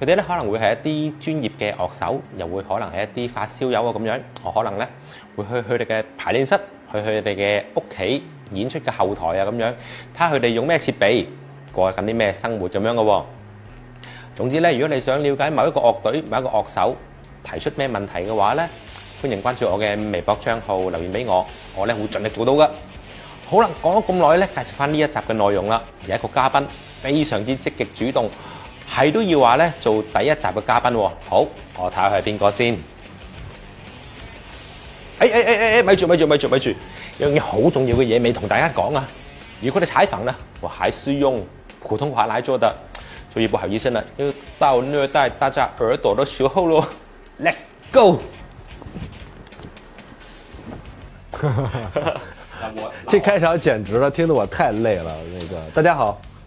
佢哋咧可能會係一啲專業嘅樂手，又會可能係一啲發燒友啊咁樣。我可能咧會去佢哋嘅排練室，去佢哋嘅屋企演出嘅後台啊咁樣，睇下佢哋用咩設備，過緊啲咩生活咁樣噶。總之咧，如果你想了解某一個樂隊、某一個樂手提出咩問題嘅話咧，歡迎關注我嘅微博帳號留言俾我，我咧會盡力做到噶。好啦，講咗咁耐咧，介紹翻呢一集嘅內容啦。有一個嘉賓非常之積極主動。係都要話咧做第一集嘅嘉賓喎。哦，好，我睇下係邊個先。哎哎哎哎哎，咪住咪住咪住咪住，有、哎、件好重要嘅嘢，未同大家講啊！如果你採訪呢，我還是用普通話來做的，所以不好意思啦，要到虐待大家耳朵的時候咯。Let's go！哈哈哈哈哈，這開場簡直了，聽得我太累了。那個，大家好。